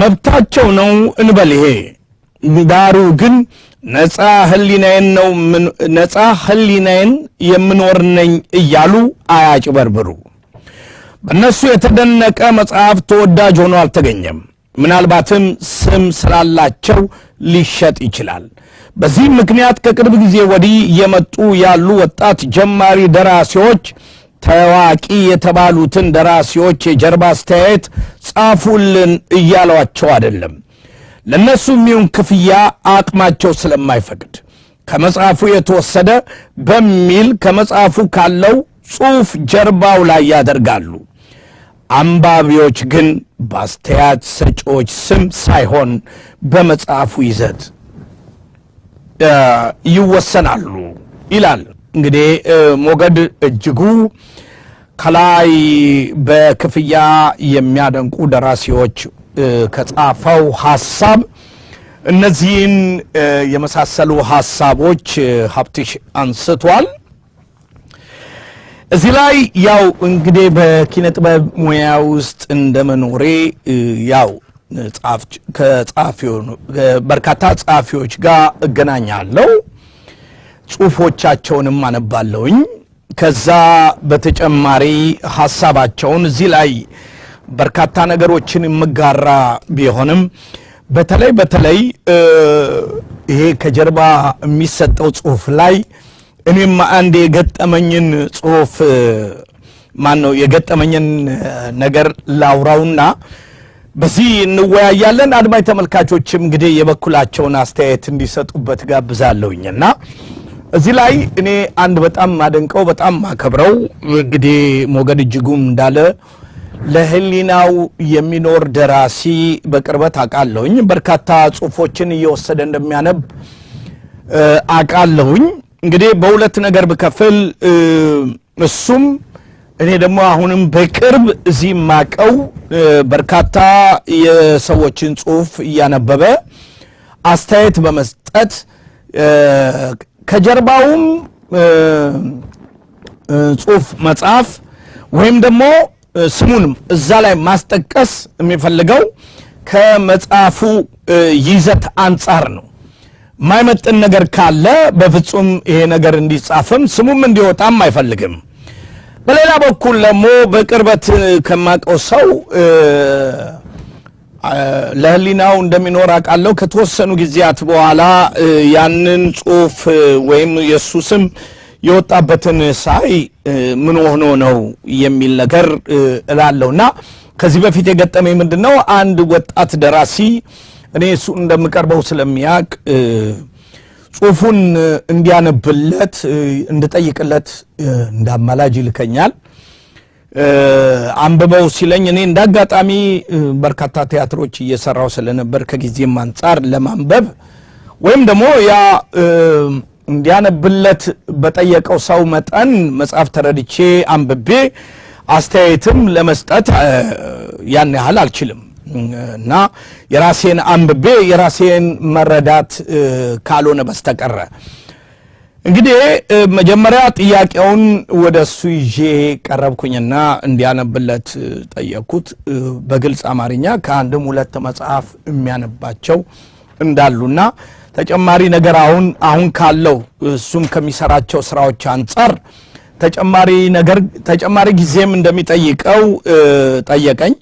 መብታቸው ነው እንበል። ይሄ ዳሩ ግን ነጻ ህሊናዬን ነው ነጻ ህሊናዬን የምኖር ነኝ እያሉ አያጭበርብሩ። በእነሱ የተደነቀ መጽሐፍ ተወዳጅ ሆኖ አልተገኘም። ምናልባትም ስም ስላላቸው ሊሸጥ ይችላል። በዚህ ምክንያት ከቅርብ ጊዜ ወዲህ እየመጡ ያሉ ወጣት ጀማሪ ደራሲዎች ታዋቂ የተባሉትን ደራሲዎች የጀርባ አስተያየት ጻፉልን እያሏቸው አይደለም። ለእነሱ የሚሆን ክፍያ አቅማቸው ስለማይፈቅድ ከመጽሐፉ የተወሰደ በሚል ከመጽሐፉ ካለው ጽሑፍ ጀርባው ላይ ያደርጋሉ። አንባቢዎች ግን በአስተያየት ሰጪዎች ስም ሳይሆን በመጽሐፉ ይዘት ይወሰናሉ ይላል። እንግዲህ ሞገድ እጅጉ ከላይ በክፍያ የሚያደንቁ ደራሲዎች ከጻፈው ሀሳብ እነዚህን የመሳሰሉ ሀሳቦች ሀብትሽ አንስቷል። እዚህ ላይ ያው እንግዲህ በኪነ ጥበብ ሙያ ውስጥ እንደ መኖሬ ያው በርካታ ጸሐፊዎች ጋር እገናኛለሁ፣ ጽሁፎቻቸውንም አነባለሁኝ። ከዛ በተጨማሪ ሀሳባቸውን እዚህ ላይ በርካታ ነገሮችን የምጋራ ቢሆንም በተለይ በተለይ ይሄ ከጀርባ የሚሰጠው ጽሁፍ ላይ እኔም አንድ የገጠመኝን ጽሁፍ ማን ነው የገጠመኝን ነገር ላውራውና በዚህ እንወያያለን። አድማጭ ተመልካቾችም እንግዲህ የበኩላቸውን አስተያየት እንዲሰጡበት ጋብዛለሁኝና እዚህ ላይ እኔ አንድ በጣም ማደንቀው በጣም ማከብረው እንግዲህ ሞገድ እጅጉም እንዳለ ለህሊናው የሚኖር ደራሲ በቅርበት አቃለሁኝ። በርካታ ጽሁፎችን እየወሰደ እንደሚያነብ አቃለሁኝ። እንግዲህ በሁለት ነገር ብከፍል እሱም እኔ ደግሞ አሁንም በቅርብ እዚህ ማቀው በርካታ የሰዎችን ጽሁፍ እያነበበ አስተያየት በመስጠት ከጀርባውም ጽሁፍ መጽሐፍ ወይም ደግሞ ስሙን እዛ ላይ ማስጠቀስ የሚፈልገው ከመጽሐፉ ይዘት አንጻር ነው። የማይመጥን ነገር ካለ በፍጹም ይሄ ነገር እንዲጻፍም ስሙም እንዲወጣም አይፈልግም። በሌላ በኩል ደግሞ በቅርበት ከማውቀው ሰው ለህሊናው እንደሚኖር አውቃለሁ። ከተወሰኑ ጊዜያት በኋላ ያንን ጽሁፍ ወይም የእሱ ስም የወጣበትን ሳይ ምን ሆኖ ነው የሚል ነገር እላለሁ እና ከዚህ በፊት የገጠመኝ ምንድን ነው? አንድ ወጣት ደራሲ እኔ እሱ እንደምቀርበው ስለሚያውቅ ጽሁፉን እንዲያነብለት እንድጠይቅለት እንዳማላጅ ይልከኛል። አንብበው ሲለኝ እኔ እንደ አጋጣሚ በርካታ ቲያትሮች እየሰራው ስለነበር ከጊዜም አንጻር ለማንበብ ወይም ደግሞ ያ እንዲያነብለት በጠየቀው ሰው መጠን መጽሐፍ ተረድቼ አንብቤ አስተያየትም ለመስጠት ያን ያህል አልችልም እና የራሴን አንብቤ የራሴን መረዳት ካልሆነ በስተቀረ እንግዲህ መጀመሪያ ጥያቄውን ወደ እሱ ይዤ ቀረብኩኝና እንዲያነብለት ጠየቅኩት። በግልጽ አማርኛ ከአንድም ሁለት መጽሐፍ የሚያነባቸው እንዳሉና ተጨማሪ ነገር አሁን አሁን ካለው እሱም ከሚሰራቸው ስራዎች አንጻር ተጨማሪ ነገር ተጨማሪ ጊዜም እንደሚጠይቀው ጠየቀኝ።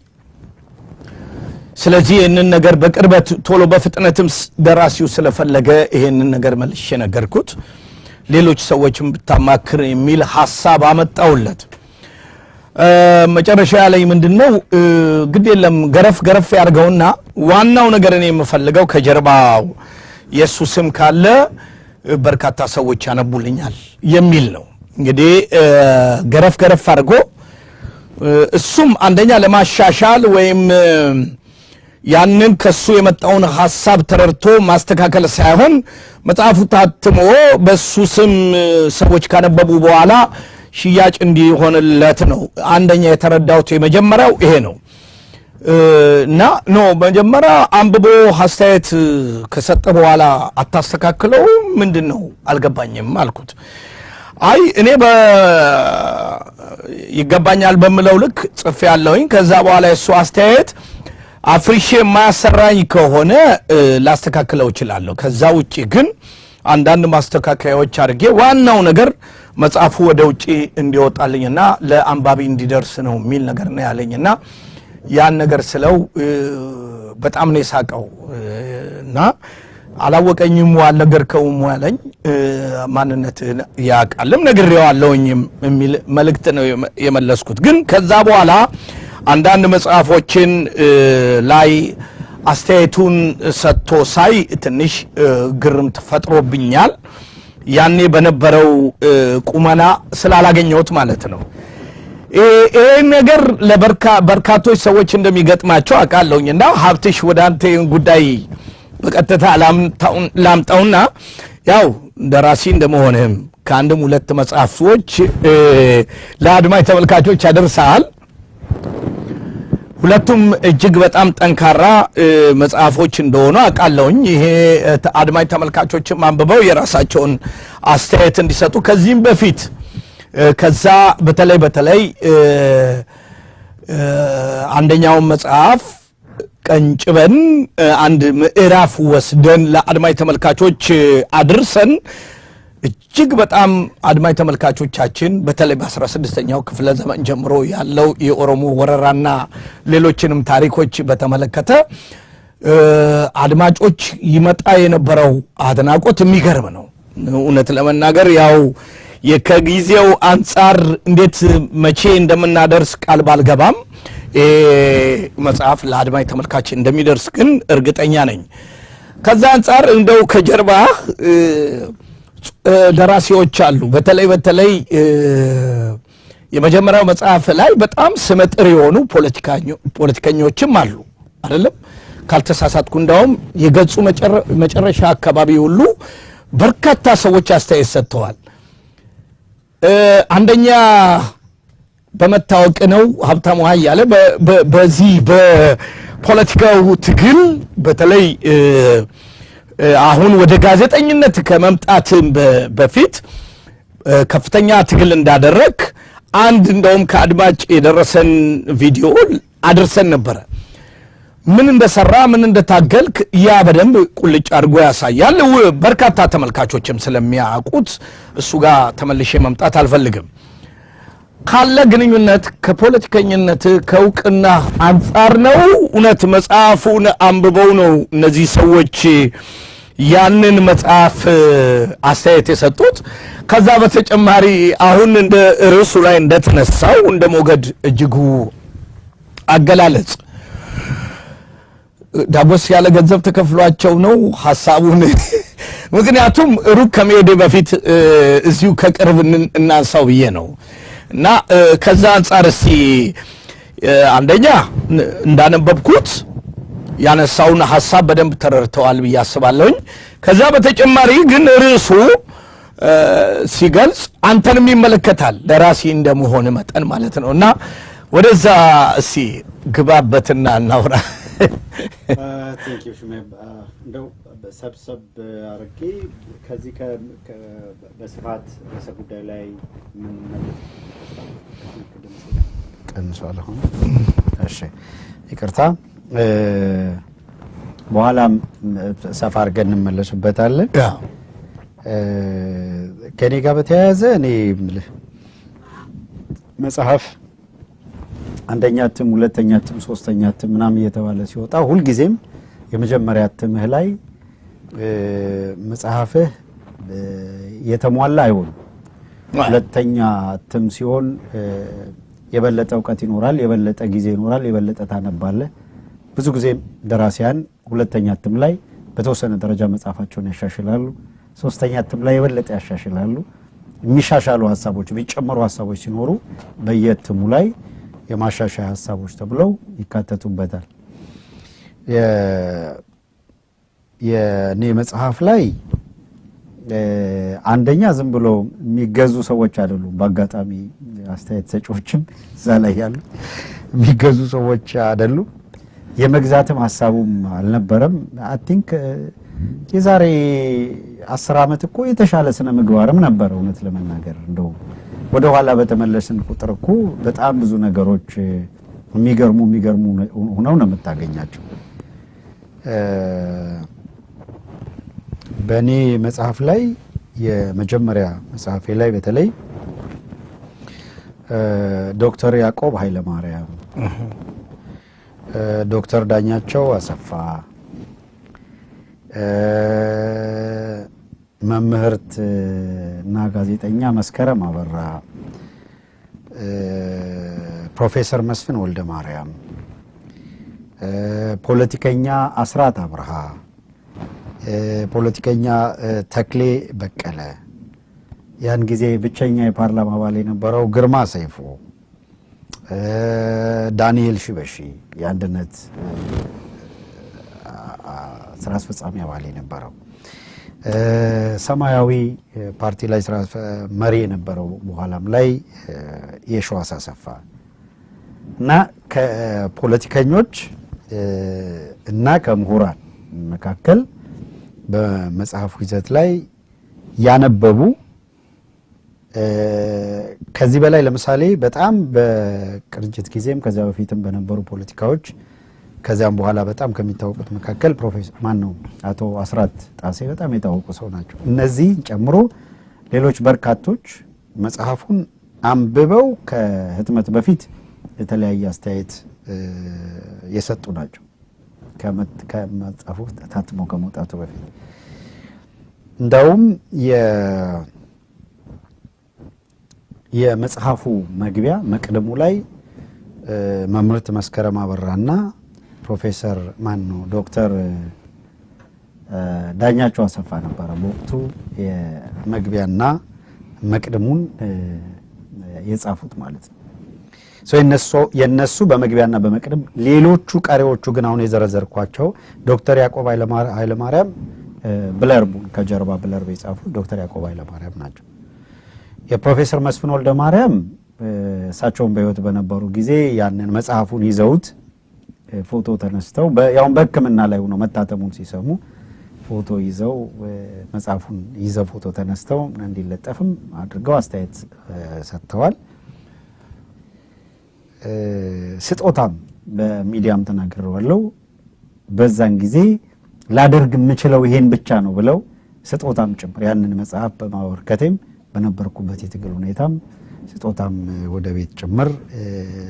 ስለዚህ ይህንን ነገር በቅርበት ቶሎ በፍጥነትም ደራሲው ስለፈለገ ይህንን ነገር መልሼ ነገርኩት። ሌሎች ሰዎችን ብታማክር የሚል ሀሳብ አመጣውለት። መጨረሻ ላይ ምንድን ነው ግድ የለም ገረፍ ገረፍ ያርገውና ዋናው ነገር እኔ የምፈልገው ከጀርባው የእሱ ስም ካለ በርካታ ሰዎች ያነቡልኛል የሚል ነው። እንግዲህ ገረፍ ገረፍ አድርጎ እሱም አንደኛ ለማሻሻል ወይም ያንን ከሱ የመጣውን ሐሳብ ተረድቶ ማስተካከል ሳይሆን መጽሐፉ ታትሞ በሱ ስም ሰዎች ካነበቡ በኋላ ሽያጭ እንዲሆንለት ነው። አንደኛ የተረዳሁት የመጀመሪያው ይሄ ነው እና ኖ መጀመሪያ አንብቦ አስተያየት ከሰጠ በኋላ አታስተካክለው ምንድን ነው አልገባኝም አልኩት። አይ እኔ ይገባኛል በምለው ልክ ጽፌ ያለውኝ ከዛ በኋላ የሱ አስተያየት አፍሪሼ ማሰራኝ ከሆነ ላስተካክለው እችላለሁ። ከዛ ውጭ ግን አንዳንድ ማስተካከያዎች አድርጌ ዋናው ነገር መጽሐፉ ወደ ውጭ እንዲወጣልኝና ለአንባቢ እንዲደርስ ነው የሚል ነገር ነው ያለኝና ያን ነገር ስለው በጣም ነው የሳቀው እና አላወቀኝም አልነገርከውም ያለኝ ማንነት ያውቃልም ነግሬዋለሁኝም የሚል መልእክት ነው የመለስኩት። ግን ከዛ በኋላ አንዳንድ መጽሐፎችን ላይ አስተያየቱን ሰጥቶ ሳይ ትንሽ ግርምት ፈጥሮብኛል። ያኔ በነበረው ቁመና ስላላገኘሁት ማለት ነው። ይህ ነገር ለበርካቶች ሰዎች እንደሚገጥማቸው አውቃለሁኝ እና ሀብትሽ ወደ አንተ ጉዳይ በቀጥታ ላምጣውና ያው እንደ ራሲ እንደመሆንህም ከአንድም ሁለት መጽሐፎች ለአድማጭ ተመልካቾች ያደርሰሃል። ሁለቱም እጅግ በጣም ጠንካራ መጽሐፎች እንደሆኑ አውቃለሁኝ። ይሄ አድማጭ ተመልካቾችም አንብበው የራሳቸውን አስተያየት እንዲሰጡ ከዚህም በፊት ከዛ በተለይ በተለይ አንደኛውን መጽሐፍ ቀንጭበን አንድ ምዕራፍ ወስደን ለአድማጭ ተመልካቾች አድርሰን እጅግ በጣም አድማጭ ተመልካቾቻችን በተለይ በ16ኛው ክፍለ ዘመን ጀምሮ ያለው የኦሮሞ ወረራና ሌሎችንም ታሪኮች በተመለከተ አድማጮች ይመጣ የነበረው አድናቆት የሚገርም ነው። እውነት ለመናገር ያው ከጊዜው አንጻር እንዴት መቼ እንደምናደርስ ቃል ባልገባም መጽሐፍ ለአድማጭ ተመልካች እንደሚደርስ ግን እርግጠኛ ነኝ። ከዛ አንጻር እንደው ከጀርባ ደራሲዎች አሉ። በተለይ በተለይ የመጀመሪያው መጽሐፍ ላይ በጣም ስመጥር የሆኑ ፖለቲከኞችም አሉ አይደለም ካልተሳሳትኩ እንዳውም የገጹ መጨረሻ አካባቢ ሁሉ በርካታ ሰዎች አስተያየት ሰጥተዋል። አንደኛ በመታወቅ ነው ሀብታሙ ያለ በዚህ በፖለቲካው ትግል በተለይ አሁን ወደ ጋዜጠኝነት ከመምጣት በፊት ከፍተኛ ትግል እንዳደረግ አንድ እንደውም ከአድማጭ የደረሰን ቪዲዮ አድርሰን ነበረ። ምን እንደሰራ ምን እንደታገልክ ያ በደንብ ቁልጭ አድርጎ ያሳያል። በርካታ ተመልካቾችም ስለሚያውቁት እሱ ጋር ተመልሼ መምጣት አልፈልግም። ካለ ግንኙነት ከፖለቲከኝነት ከእውቅና አንጻር ነው። እውነት መጽሐፉን አንብበው ነው እነዚህ ሰዎች ያንን መጽሐፍ አስተያየት የሰጡት። ከዛ በተጨማሪ አሁን እንደ ርዕሱ ላይ እንደተነሳው እንደ ሞገድ እጅጉ አገላለጽ ዳጎስ ያለ ገንዘብ ተከፍሏቸው ነው ሀሳቡን ምክንያቱም ሩቅ ከመሄዴ በፊት እዚሁ ከቅርብ እናንሳው ብዬ ነው እና ከዛ አንጻር እስቲ አንደኛ እንዳነበብኩት ያነሳውን ሀሳብ በደንብ ተረድተዋል ብዬ አስባለሁኝ። ከዛ በተጨማሪ ግን ርዕሱ ሲገልጽ አንተንም ይመለከታል ደራሲ እንደመሆን መጠን ማለት ነው እና ወደዛ እስቲ ግባበትና እናውራ። እንደው ሰብሰብ አርጌ ከዚህ በስፋት ርዕሰ ጉዳይ ላይ ቀንሷል። አሁን ይቅርታ በኋላም ሰፋ አድርገን እንመለስበታለን። ከኔ ጋር በተያያዘ እኔ መጽሐፍ አንደኛ እትም፣ ሁለተኛ እትም፣ ሶስተኛ እትም ምናምን እየተባለ ሲወጣ ሁልጊዜም የመጀመሪያ እትምህ ላይ መጽሐፍህ የተሟላ አይሆንም። ሁለተኛ እትም ሲሆን የበለጠ እውቀት ይኖራል፣ የበለጠ ጊዜ ይኖራል፣ የበለጠ ታነባለህ። ብዙ ጊዜ ደራሲያን ሁለተኛ እትም ላይ በተወሰነ ደረጃ መጽሐፋቸውን ያሻሽላሉ። ሶስተኛ እትም ላይ የበለጠ ያሻሽላሉ። የሚሻሻሉ ሀሳቦች የሚጨመሩ ሀሳቦች ሲኖሩ በየእትሙ ላይ የማሻሻያ ሀሳቦች ተብለው ይካተቱበታል። የእኔ መጽሐፍ ላይ አንደኛ ዝም ብሎ የሚገዙ ሰዎች አይደሉም። በአጋጣሚ አስተያየት ሰጪዎችም እዛ ላይ ያሉ የሚገዙ ሰዎች አይደሉም። የመግዛትም ሀሳቡም አልነበረም። አይ ቲንክ uh, የዛሬ አስር ዓመት እኮ የተሻለ ስነ ምግባርም ነበረ። እውነት ለመናገር እንደው ወደኋላ በተመለስን ቁጥር እኮ በጣም ብዙ ነገሮች uh, የሚገርሙ የሚገርሙ ሆነው ነው የምታገኛቸው። uh, በእኔ መጽሐፍ ላይ የመጀመሪያ መጽሐፌ ላይ በተለይ ዶክተር ያዕቆብ ኃይለማርያም ዶክተር ዳኛቸው አሰፋ፣ መምህርት እና ጋዜጠኛ መስከረም አበራ፣ ፕሮፌሰር መስፍን ወልደ ማርያም፣ ፖለቲከኛ አስራት አብርሃ፣ ፖለቲከኛ ተክሌ በቀለ፣ ያን ጊዜ ብቸኛ የፓርላማ አባል የነበረው ግርማ ሰይፎ ዳንኤል ሽበሺ የአንድነት ስራ አስፈጻሚ አባል የነበረው ሰማያዊ ፓርቲ ላይ ስራ መሪ የነበረው በኋላም ላይ የሸዋስ አሰፋ እና ከፖለቲከኞች እና ከምሁራን መካከል በመጽሐፉ ይዘት ላይ ያነበቡ ከዚህ በላይ ለምሳሌ በጣም በቅርጅት ጊዜም ከዚያ በፊትም በነበሩ ፖለቲካዎች ከዚያም በኋላ በጣም ከሚታወቁት መካከል ፕሮፌሰር ማን ነው አቶ አስራት ጣሴ በጣም የታወቁ ሰው ናቸው። እነዚህ ጨምሮ ሌሎች በርካቶች መጽሐፉን አንብበው ከህትመት በፊት የተለያየ አስተያየት የሰጡ ናቸው። ከመጽሐፉ ታትሞ ከመውጣቱ በፊት እንዳውም የመጽሐፉ መግቢያ መቅድሙ ላይ መምህርት መስከረም አበራና ፕሮፌሰር ማን ነው ዶክተር ዳኛቸው አሰፋ ነበረ በወቅቱ የመግቢያና መቅድሙን የጻፉት ማለት ነው። የነሱ በመግቢያና በመቅድም ሌሎቹ ቀሪዎቹ ግን አሁን የዘረዘርኳቸው ዶክተር ያዕቆብ ኃይለማርያም ብለርቡን ከጀርባ ብለርብ የጻፉ ዶክተር ያዕቆብ ኃይለማርያም ናቸው። የፕሮፌሰር መስፍን ወልደ ማርያም እሳቸውን በህይወት በነበሩ ጊዜ ያንን መጽሐፉን ይዘውት ፎቶ ተነስተው ያውም በህክምና ላይ ሆነው መታተሙን ሲሰሙ ፎቶ ይዘው መጽሐፉን ይዘው ፎቶ ተነስተው እንዲለጠፍም አድርገው አስተያየት ሰጥተዋል። ስጦታም በሚዲያም ተናግረዋለሁ። በዛን ጊዜ ላደርግ የምችለው ይሄን ብቻ ነው ብለው ስጦታም ጭምር ያንን መጽሐፍ በማበርከቴም በነበርኩበት የትግል ሁኔታም ስጦታም ወደ ቤት ጭምር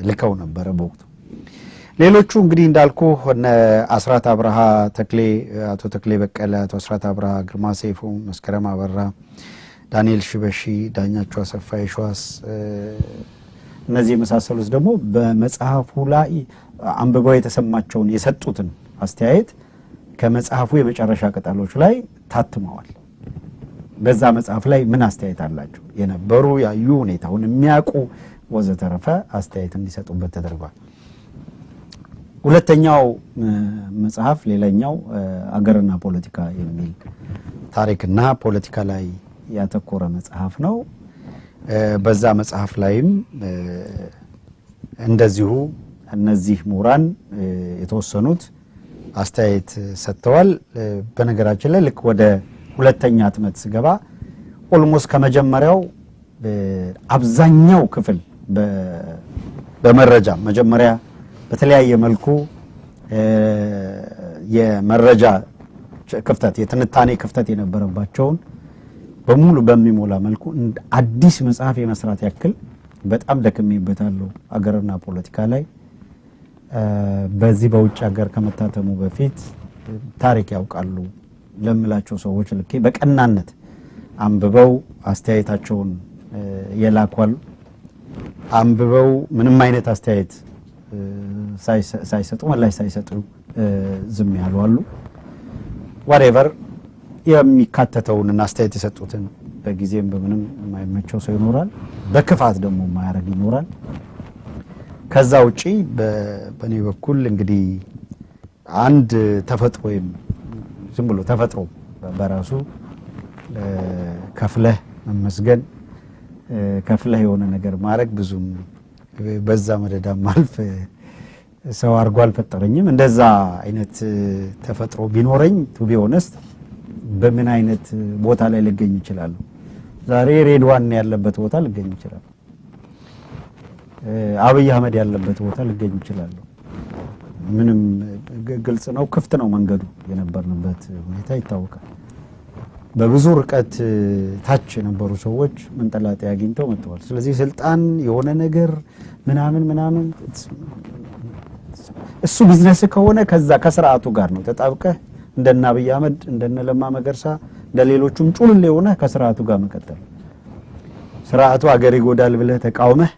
ልከው ነበረ በወቅቱ። ሌሎቹ እንግዲህ እንዳልኩ እነ አስራት አብርሃ ተክሌ፣ አቶ ተክሌ በቀለ፣ አቶ አስራት አብርሃ፣ ግርማ ሰይፉ፣ መስከረም አበራ፣ ዳንኤል ሽበሺ፣ ዳኛቸው አሰፋ፣ የሸዋስ እነዚህ የመሳሰሉት ደግሞ በመጽሐፉ ላይ አንብበው የተሰማቸውን የሰጡትን አስተያየት ከመጽሐፉ የመጨረሻ ቅጠሎች ላይ ታትመዋል። በዛ መጽሐፍ ላይ ምን አስተያየት አላቸው? የነበሩ ያዩ፣ ሁኔታውን የሚያውቁ ወዘተረፈ አስተያየት እንዲሰጡበት ተደርጓል። ሁለተኛው መጽሐፍ ሌላኛው አገርና ፖለቲካ የሚል ታሪክና ፖለቲካ ላይ ያተኮረ መጽሐፍ ነው። በዛ መጽሐፍ ላይም እንደዚሁ እነዚህ ምሁራን የተወሰኑት አስተያየት ሰጥተዋል። በነገራችን ላይ ልክ ወደ ሁለተኛ ህትመት ስገባ ኦልሞስ ከመጀመሪያው አብዛኛው ክፍል በመረጃ መጀመሪያ በተለያየ መልኩ የመረጃ ክፍተት የትንታኔ ክፍተት የነበረባቸውን በሙሉ በሚሞላ መልኩ አዲስ መጽሐፍ የመስራት ያክል በጣም ደክሜበታለሁ። አገርና ፖለቲካ ላይ በዚህ በውጭ ሀገር ከመታተሙ በፊት ታሪክ ያውቃሉ ለምላቸው ሰዎች ልኬ በቀናነት አንብበው አስተያየታቸውን የላኳል። አንብበው ምንም አይነት አስተያየት ሳይሰጡ ምላሽ ሳይሰጡ ዝም ያሉ አሉ። ዋሬቨር የሚካተተውንና አስተያየት የሰጡትን በጊዜም በምንም የማይመቸው ሰው ይኖራል። በክፋት ደግሞ ማያረግ ይኖራል። ከዛ ውጪ በእኔ በኩል እንግዲህ አንድ ተፈጥሮ ወይም ዝም ብሎ ተፈጥሮ በራሱ ከፍለህ መመስገን ከፍለህ የሆነ ነገር ማድረግ ብዙም በዛ መደዳ ማልፍ ሰው አድርጎ አልፈጠረኝም። እንደዛ አይነት ተፈጥሮ ቢኖረኝ ቱቢ ሆነስት በምን አይነት ቦታ ላይ ልገኝ ይችላሉ? ዛሬ ሬድዋን ያለበት ቦታ ልገኝ ይችላሉ። አብይ አህመድ ያለበት ቦታ ልገኝ ይችላሉ። ምንም ግልጽ ነው፣ ክፍት ነው መንገዱ። የነበርንበት ሁኔታ ይታወቃል። በብዙ ርቀት ታች የነበሩ ሰዎች መንጠላጤ አግኝተው መጥተዋል። ስለዚህ ስልጣን የሆነ ነገር ምናምን ምናምን እሱ ቢዝነስ ከሆነ ከዛ ከስርዓቱ ጋር ነው ተጣብቀህ እንደነ አብይ አህመድ እንደነ ለማ መገርሳ እንደ ሌሎቹም ጩልል የሆነ ከስርዓቱ ጋር መቀጠል ስርዓቱ አገር ይጎዳል ብለህ ተቃውመህ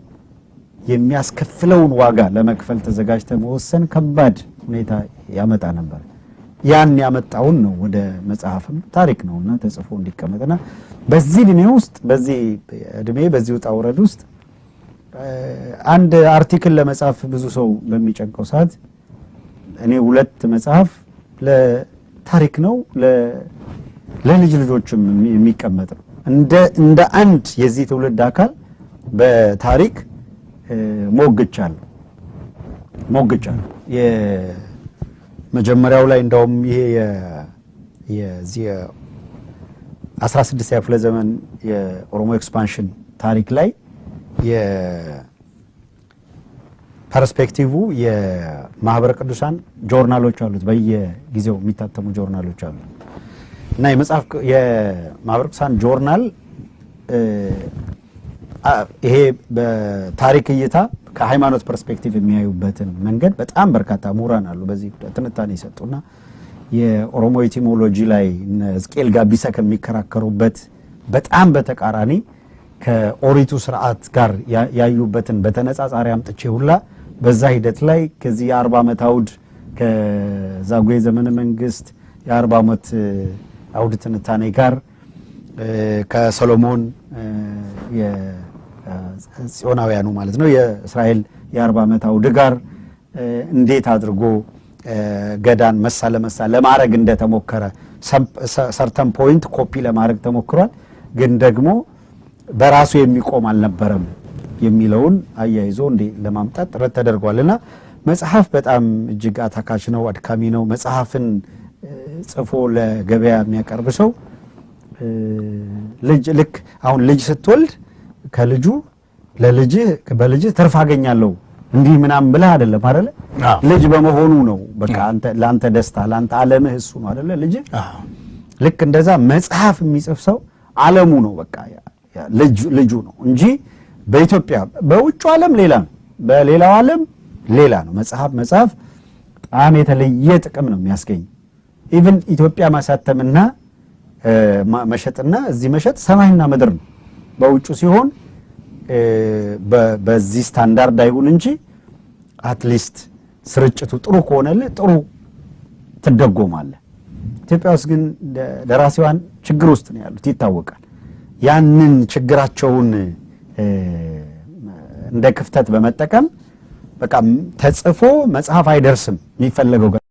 የሚያስከፍለውን ዋጋ ለመክፈል ተዘጋጅተ መወሰን ከባድ ሁኔታ ያመጣ ነበር። ያን ያመጣውን ነው ወደ መጽሐፍም ታሪክ ነውና ተጽፎ እንዲቀመጥና በዚህ እድሜ ውስጥ በዚህ እድሜ በዚህ ውጣ ውረድ ውስጥ አንድ አርቲክል ለመጻፍ ብዙ ሰው በሚጨንቀው ሰዓት እኔ ሁለት መጽሐፍ ለታሪክ ነው ለልጅ ልጆችም የሚቀመጥ ነው እንደ አንድ የዚህ ትውልድ አካል በታሪክ ሞግቻለሁ ሞግቻለሁ። የመጀመሪያው ላይ እንደውም ይሄ የዚህ 16 ክፍለ ዘመን የኦሮሞ ኤክስፓንሽን ታሪክ ላይ የፐርስፔክቲቭ የማህበረ ቅዱሳን ጆርናሎች አሉት። በየጊዜው የሚታተሙ ጆርናሎች አሉ እና የማህበረ ቅዱሳን ጆርናል ይሄ በታሪክ እይታ ከሃይማኖት ፐርስፔክቲቭ የሚያዩበትን መንገድ በጣም በርካታ ምሁራን አሉ በዚህ ትንታኔ የሰጡና የኦሮሞ ኢቲሞሎጂ ላይ ሕዝቅኤል ጋቢሳ ከሚከራከሩበት በጣም በተቃራኒ ከኦሪቱ ስርዓት ጋር ያዩበትን በተነጻጻሪ አምጥቼ ሁላ በዛ ሂደት ላይ ከዚህ የአርባ ዓመት አውድ ከዛጉዌ ዘመነ መንግስት የአርባ ዓመት አውድ ትንታኔ ጋር ከሰሎሞን ጽዮናውያኑ ማለት ነው የእስራኤል የአርባ ዓመት አውድ ጋር እንዴት አድርጎ ገዳን መሳ ለመሳ ለማድረግ እንደተሞከረ ሰርተን ፖይንት ኮፒ ለማድረግ ተሞክሯል፣ ግን ደግሞ በራሱ የሚቆም አልነበረም የሚለውን አያይዞ እንዴ ለማምጣት ጥረት ተደርጓል እና መጽሐፍ በጣም እጅግ አታካች ነው፣ አድካሚ ነው። መጽሐፍን ጽፎ ለገበያ የሚያቀርብ ሰው ልክ አሁን ልጅ ስትወልድ ከልጁ ለልጅህ በልጅህ ትርፍ አገኛለሁ እንዲህ ምናምን ብለህ አይደለም አይደለ? ልጅ በመሆኑ ነው። በቃ አንተ ላንተ ደስታ ላንተ ዓለምህ እሱ ነው አይደለ? ልጅ ልክ እንደዛ መጽሐፍ የሚጽፍ ሰው ዓለሙ ነው በቃ ልጅ ልጁ ነው እንጂ በኢትዮጵያ በውጭ ዓለም ሌላ ነው፣ በሌላው ዓለም ሌላ ነው። መጽሐፍ መጽሐፍ በጣም የተለየ ጥቅም ነው የሚያስገኝ። ኢቭን ኢትዮጵያ ማሳተምና መሸጥና እዚህ መሸጥ ሰማይና ምድር ነው። በውጩ ሲሆን በዚህ ስታንዳርድ አይሁን እንጂ አትሊስት ስርጭቱ ጥሩ ከሆነልህ ጥሩ ትደጎማለህ። ኢትዮጵያ ውስጥ ግን ደራሲዋን ችግር ውስጥ ነው ያሉት ይታወቃል። ያንን ችግራቸውን እንደ ክፍተት በመጠቀም በቃ ተጽፎ መጽሐፍ አይደርስም የሚፈለገው